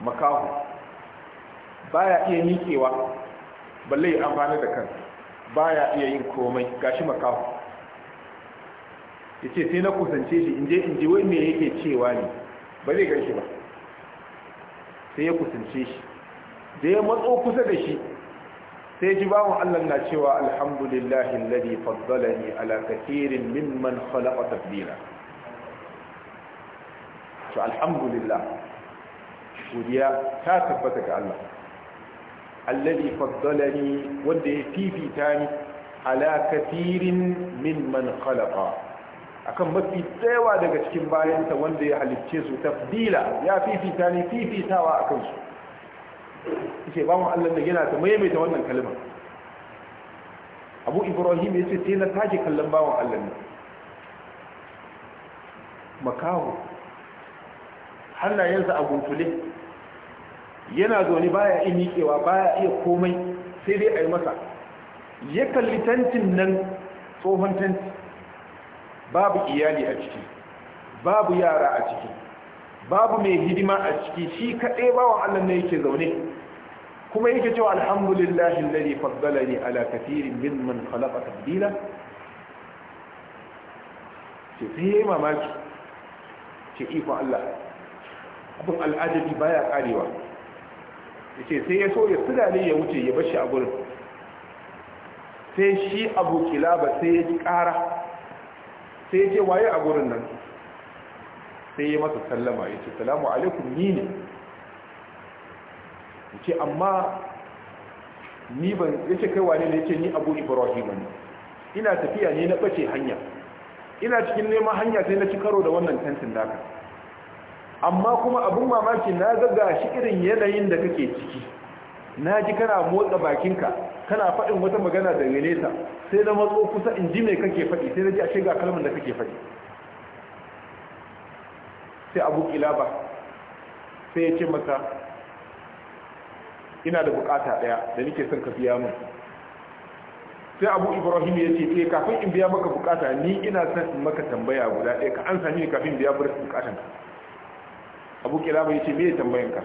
makaho baya iya miƙewa balle ya amfana da kansa baya iya yin komai gashi makaho ya ce sai na kusance shi in je in wai me yake cewa ne ba zai gan shi ba sai ya kusance shi da ya matso kusa da shi sai ji bawon allah na cewa alhamdulillahi alladhi faddalani ala kathirin mimman khalaqa tafdila to alhamdulillah godiya ta tabbata ga allah alladhi faddalani wanda ya fifita ni ala kathirin mimman khalaqa akan mafi tsayawa daga cikin bayansa wanda ya halicce su tafdila ya fifita ne fifitawa a kansu ke ba mu allon da yana ta maimaita wannan kalmar Abu Ibrahim ya ce sai na take kallon bawan allon ne makaho hannayensa a guntule yana zaune baya iya miƙewa baya iya komai sai dai a yi masa ya kalli tantin nan tsohon tantin babu iyali a ciki babu yara a ciki babu mai hidima a ciki shi kaɗai bawan Allah ne yake zaune kuma yake cewa alhamdulillahi alladhi faddalani ala kafirin, min man khalaqa tabdila ce sai yi mamaki ce ikon Allah abin al'ajabi baya karewa ce sai ya so ya tudale ya wuce ya bashi a gurin sai shi abu kilaba sai ya ji ƙara sai ya ce waye a gurin nan sai ya masa sallama ya ce salamu alaikum ni ne ya ce amma ni ban ya ce kai wane ne ya ce ni abu ibrahim ne ina tafiya ne na ɓace hanya ina cikin neman hanya sai na ci karo da wannan tentin daga amma kuma abin mamaki na zaga shi irin yanayin da kake ciki na ji kana motsa bakinka kana faɗin wata magana da nesa sai na matso kusa in ji mai kake faɗi sai na ji ce ga kalmar da kake faɗi sai abu kilaba sai ya ce masa ina da bukata ɗaya da nike son ka biya min sai abu ibrahim ya ce eh kafin in biya maka bukata ni ina son in maka tambaya guda ɗaya ka an sami ni kafin biya bar bukatan ka abu kilaba ya ce me tambayan ka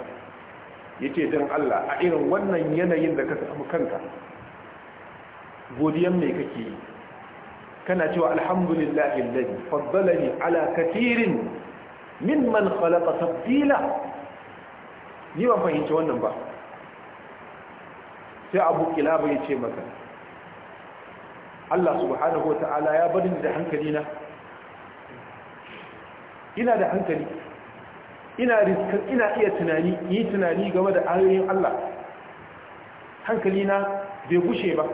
ya ce don allah a irin wannan yanayin da ka samu kanka godiyan mai kake yi kana cewa alhamdulillahi alladhi faddalani ala katirin Min man khalaqa tabdila ni ban fahimci wannan ba sai abu kilaba ya ce maka Allah subhanahu wa ta'ala ya bari da hankali na ina da hankali ina riskan ina iya tunani yi tunani game da ayoyin Allah hankali na bai gushe ba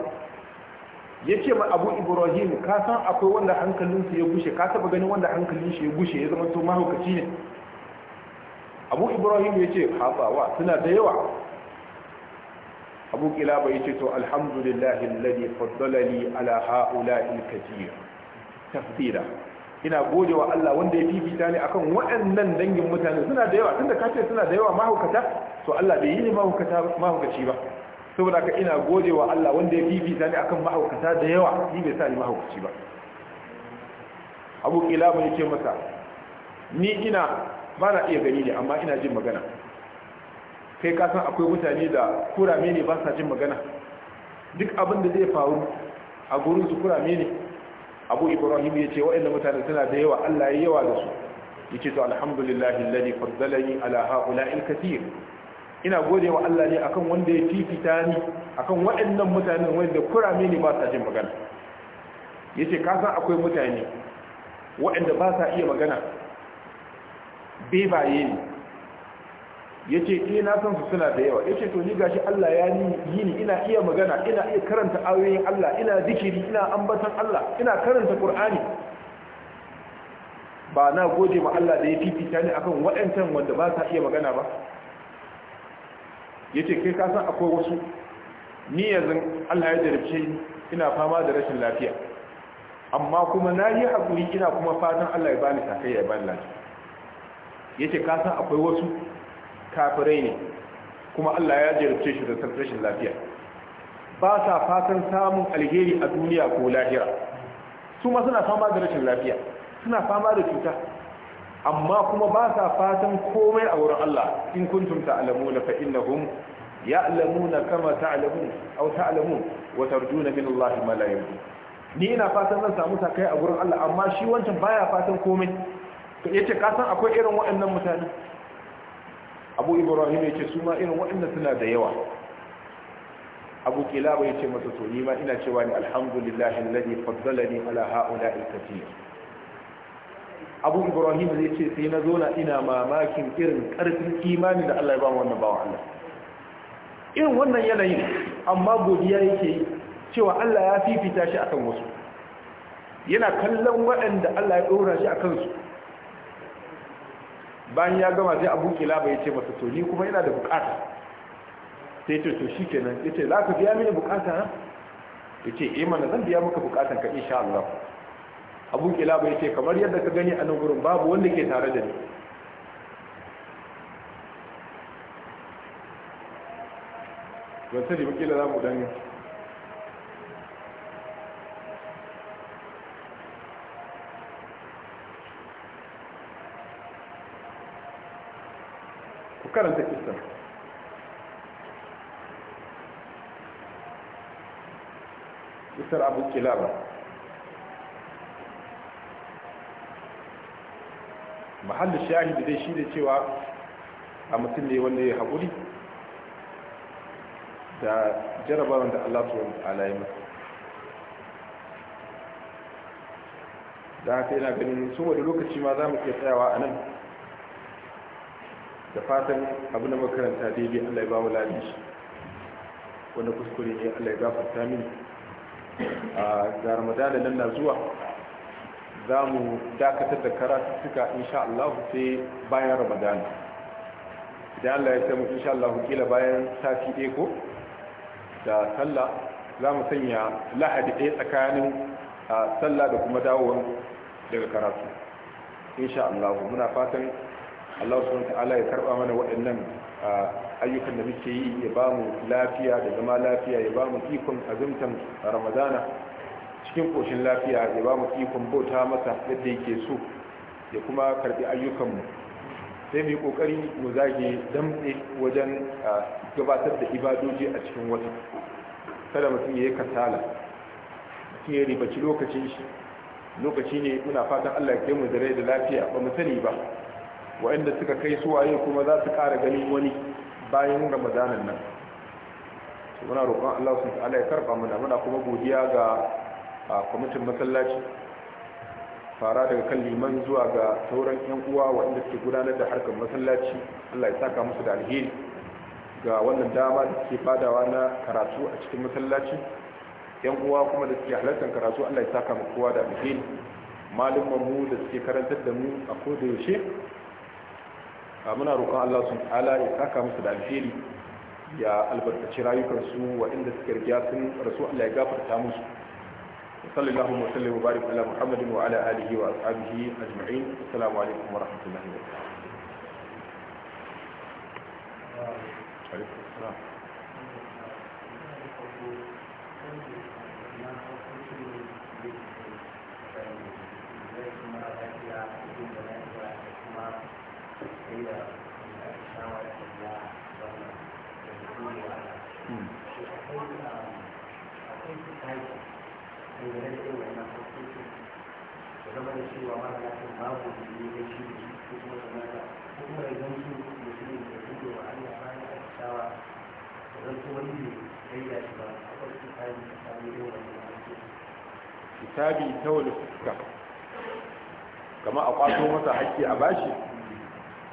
ya ce ma abu ibrahim ka san akwai wanda hankalinsu ya gushe ka taba ganin wanda hankalin ya gushe ya zama to mahaukaci ne abu ibrahim ya ce haɓawa suna da yawa abu kilaba ya ce to alhamdulillahi alladhi faddalani ala ha'ula'il kathir tafsira. ina gode wa Allah wanda ya fifita ni akan waɗannan dangin mutane suna da yawa tunda kace suna da yawa mahaukata to Allah bai yi ni mahaukata mahaukaci ba saboda ka ina gode wa Allah wanda ya fifita ni akan mahaukata da yawa ni bai sa ni mahaukaci ba abu kilaba ya ce masa ni ina ba na iya gani ne amma ina jin magana kai ka san akwai mutane da kurame ne ba sa jin magana duk abin da zai faru a gurin su kurame ne abu ibrahim ya ce waɗanda mutane suna da yawa Allah ya yawa da su yake to alhamdulillahi alladhi faddalani ala ha'ula'il kathir ina gode wa Allah ne akan wanda ya fifita ni akan waɗannan mutanen wanda kurame ne ba sa jin magana yace ka san akwai mutane waɗanda ba sa iya magana bebaye ne yace ke eh, na san su suna da yawa yace to ni gashi Allah ya ni yi ni ina iya magana ina iya karanta ayoyin Allah ina zikiri ina ambatan Allah ina karanta Qur'ani ba na gode ma Allah da ya fifita ni akan waɗancan wanda ba sa iya magana ba ya ce kai kasan akwai wasu ni yanzu allah ya jarabce ina fama da rashin lafiya amma kuma na yi haƙuri ina kuma fatan allah ya bani sakai ya bani lafiya ya ce kasan akwai wasu kafirai ne kuma allah ya jarabce shi da rashin lafiya ba sa fatan samun alheri a duniya ko lahira su ma suna fama da rashin lafiya suna fama da cuta amma kuma ba sa fatan komai a wurin Allah in kuntum ta'lamuna fa innahum ya'lamuna kama ta'lamun aw ta'lamun wa tarjuna min Allah ma la yamlik ni ina fatan zan samu sakai a wurin Allah amma shi wancan baya fatan komai to yace ka san akwai irin waɗannan mutane Abu Ibrahim yace su ma irin waɗannan suna da yawa Abu Kilaba yace masa to ni ma ina cewa ni alhamdulillahi alladhi faddalani ala ha'ula'i kathir abu ibrahim zai ce sai na zo na ina mamakin irin ƙarfin imani da Allah ya ba wannan bawa Allah irin wannan yanayin amma godiya yake cewa Allah ya fifita shi akan wasu yana kallon waɗanda Allah ya ɗora shi a kansu bayan ya gama sai abu kilaba ya ce masa to ni kuma yana da bukata sai ce to shi kenan ya ce za ka biya mini bukata ya ce eh mana zan biya maka bukatan ka insha Allah abu kilaba ya ce kamar yadda ka gani a nan babu wanda ke tare da ni wata da wakila za mu dan ku karanta kistan kistan abu kilaba mahallin shahidi dai shi da cewa a mutum ne wanda ya haƙuri da jarabawan da Allah su wani ya masa da haka yana ganin sun wani lokaci ma za mu iya tsayawa a nan da fatan abu na makaranta daidai Allah ya ba mu shi wanda kuskure ne Allah ya gafarta mini a ga ramadana nan na zuwa za mu dakatar da karatuttuka insha Allah sai bayan Ramadan idan Allah ya ce mu insha Allah kila bayan sati ɗaya ko da sallah za mu sanya lahadi ɗaya tsakanin sallah da kuma dawowar daga karatu insha Allah muna fatan Allah subhanahu ta'ala ya karɓa mana waɗannan ayyukan da muke yi ya ba mu lafiya da zama lafiya ya ba mu ikon azumtan Ramadana cikin koshin lafiya ya ba mu ikon bauta masa yadda yake so ya kuma karbi ayyukanmu sai mai yi kokari mu zage damtse wajen gabatar da ibadoji a cikin wata kada mutum ya yi kasala mutum ya ribaci lokacin shi lokaci ne muna fatan allah ya mu da rai da lafiya ba mu sani ba waɗanda suka kai su waye kuma za su ƙara ganin wani bayan ramadanan nan muna roƙon allah su ta'ala ya karɓa muna muna kuma godiya ga a kwamitin masallaci fara daga kan liman zuwa ga sauran 'yan uwa waɗanda suke gudanar da harkar masallaci allah ya saka musu da alheri ga wannan dama da suke fadawa na karatu a cikin masallaci 'yan uwa kuma da suke halartar karatu allah ya saka mu kowa da alheri mu da suke karantar da mu a koda yaushe muna roƙon allah sun ala ya saka musu da alheri ya albarkaci rayukansu waɗanda suke riga sun rasu allah ya gafarta musu وصلى اللهم وسلم وبارك على محمد وعلى اله واصحابه اجمعين السلام عليكم ورحمه الله وبركاته. عليكم السلام. tabi ta wani fuska kama a kwato masa haƙƙi a bashi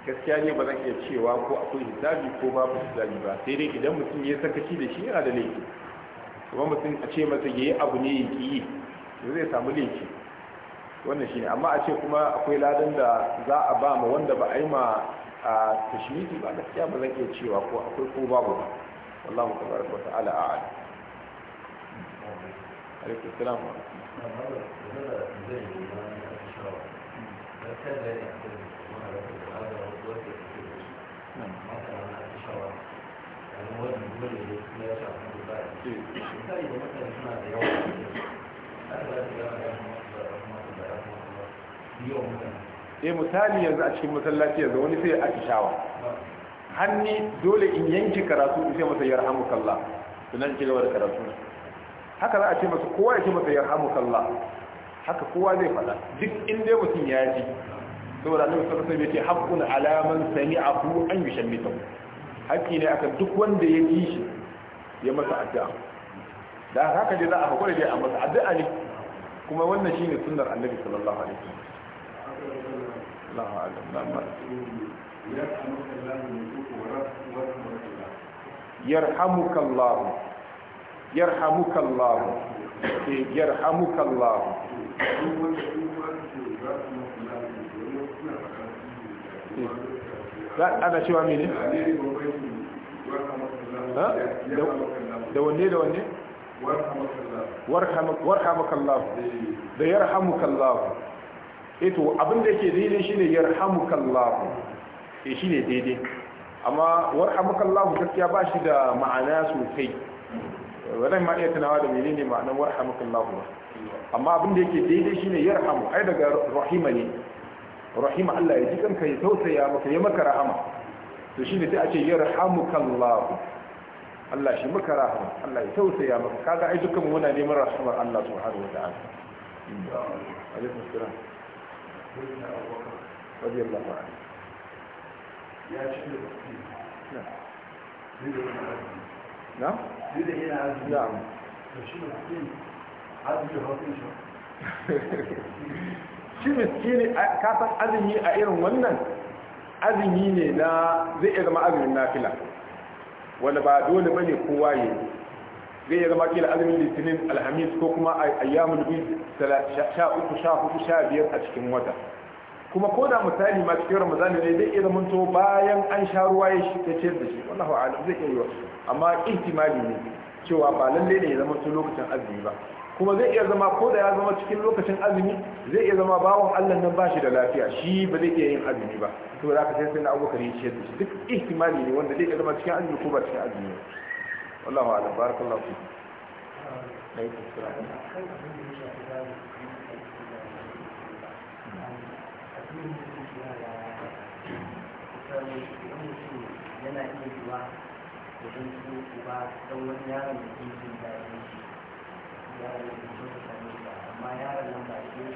gaskiya ne ba zan iya cewa ko akwai hisabi ko babu hisabi ba sai dai idan mutum ya saka sakaci da shi yana da laifi kuma mutum a ce masa yayi abu ne ya ki yi to zai samu laifi wannan shi ne, amma a ce kuma akwai ladan da za a ba ma wanda ba a yi ma a tashmiti ba gaskiya ba zan iya cewa ko akwai ko babu ba wallahu ta'ala a'lam alaikum salam wa eh, misali yanzu a cikin masallaci yanzu wani sai atishawa hanni dole in yanki karatu sai masa yarhamukallah sunan ci da karatu haka za a ce masu kowa ya ce masa ya hamu kalla haka kowa zai faɗa duk inda mutum ya ji saboda annabi sallallahu alaihi wasallam yake haqqun ala man sami'ahu an yushammitahu haƙƙi ne akan duk wanda ya ji shi ya masa addu'a da haka dai za a hakura dai a masa addu'a ne kuma wannan shine sunnar annabi sallallahu alaihi wasallam Allahu akbar yarhamukallahu yarhamukallahu eh yarhamukallahu ana cewa mene? da wanne da wanne? warhamakallahu da yarhamukallahu eto eh abinda yake daidai shine yarhamukallahu e shine daidai amma warhamakallahu gaskiya ba shi da ma'ana sosai wannan ma iya tunawa da menene ma'anar warhamukallahu ba amma abin da yake daidai shine yarhamu ai daga rahima ne rahima Allah ya ji kanka ya tausaya maka ya maka rahama to shine sai a ce yarhamukallahu Allah shi maka rahama Allah ya tausaya maka kaga ai dukkan mu muna neman rahamar Allah subhanahu wataala alaikum salam radiyallahu anhu ya ce ne نعم نعم shi miskini kasan azumi a irin wannan azumi ne na zai iya zama azumin nafila wanda ba dole bane kowa yi zai iya zama kila azumin litinin alhamis ko kuma ayyamun biyu sha uku sha biyar a cikin wata kuma ko da misali ma cikin ramadan ne zai iya to bayan an sha ruwa ya shi ta ciyar da shi wallahu a'lam zai iya yiwa amma ihtimali ne cewa ba lalle ne ya zamanto lokacin azumi ba kuma zai iya zama ko da ya zama cikin lokacin azumi zai iya zama bawon Allah nan ba shi da lafiya shi ba zai iya yin azumi ba to za ka sai sai na abubakar ya ciyar da shi duk ihtimali ne wanda zai iya zama cikin azumi ko ba cikin azumi wallahu a'lam barakallahu fi alaikum domin su uba don wani yaron da ke jin daɗin shi yaron da ke ta daɗin shi amma yaron nan ba shi ne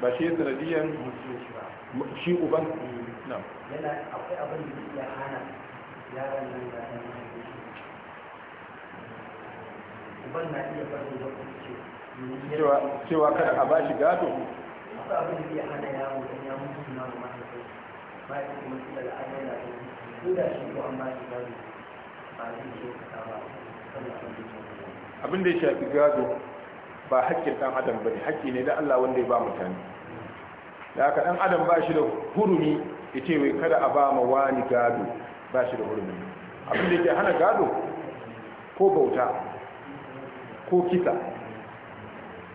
ba shi sanadiyan shi uban eh, na yana akwai abin da iya hana yaron nan da ɗan uban na iya farin da kuma cewa kada a ba shi gado akwai abin da iya hana yaro don ya mutu na mahaifai ba ya kuma tsira da ayyana da abin da ya shafi gado ba haƙƙin ɗan adam ba ne hakki ne da allah wanda ya ba mutane da haka ɗan adam ba shi da hurumi ya ce wai kada a ba ma wani gado ba shi da hurumi abin da ya hana gado ko bauta ko kisa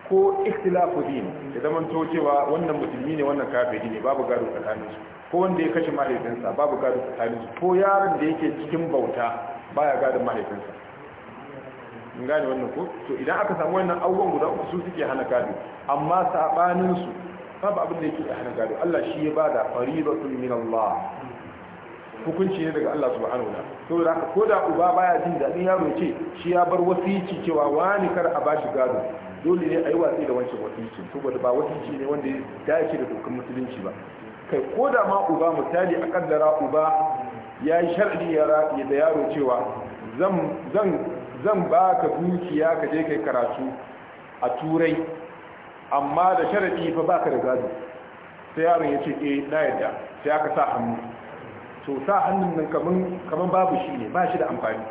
ko ikhtilafu din ya zama cewa wannan musulmi ne wannan kafiri ne babu gado tsakaninsu ko wanda ya kashe mahaifinsa babu gado tsakanin ko yaron da yake cikin bauta ba ya gada mahaifinsa in gane wannan ko to idan aka samu wannan abubuwan guda uku su suke hana gado amma saɓaninsu su babu abin da yake hana gado Allah shi ya bada faridatun min Allah hukunci ne daga Allah subhanahu wa ta'ala da haka koda uba baya jin dadin yaro ce shi ya bar wasici cewa wani kar a bashi gado dole ne a yi watsi da wancan wasici saboda ba wasici ne wanda ya dace da dokar musulunci ba kai ko da ma uba misali a kaddara uba ya yi sharɗi da yaro cewa zan ba ka dukiya ka je kai karatu a turai amma da sharaɗi fa ba ka da gado sai yaron ya ce eh na yadda sai aka sa hannu to sa hannun nan kaman babu shi ne ba shi da amfani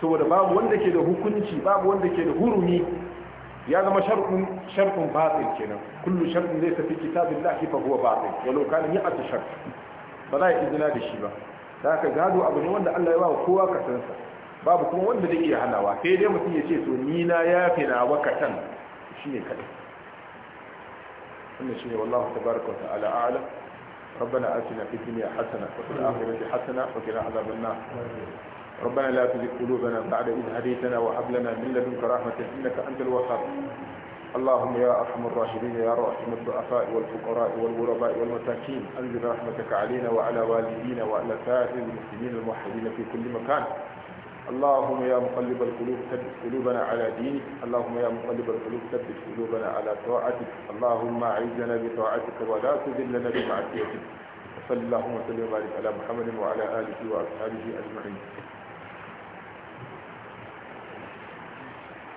saboda babu wanda ke da hukunci babu wanda ke da hurumi ya zama shar'un shar'un batil kenan kullu shar'un zai tafi kitabillahi fa huwa batil walau kana mi'atu shart ba za a yi izina da shi ba da haka gado abu ne wanda Allah ya ba kowa kasansa babu kuma wanda zai iya hanawa, sai dai mutum ya ce to nina ya yafi na wakatan ne kaɗai? wannan shi shine wallahu tabaaraka ta'ala a'lam ربنا آتنا في الدنيا حسنة وفي الآخرة حسنة وقنا عذاب النار ربنا لا تزغ قلوبنا بعد إذ هديتنا وهب لنا من لدنك رحمة إنك أنت الوهاب اللهم يا أرحم الراحمين يا راحم الضعفاء والفقراء والغرباء والمساكين أنزل رحمتك علينا وعلى والدينا وعلى سائر المسلمين الموحدين في كل مكان اللهم يا مقلب القلوب ثبت قلوبنا على دينك اللهم يا مقلب القلوب ثبت قلوبنا على طاعتك اللهم أعزنا بطاعتك ولا تذلنا بمعصيتك وصلى اللهم وسلم وبارك على محمد وعلى آله وأصحابه أجمعين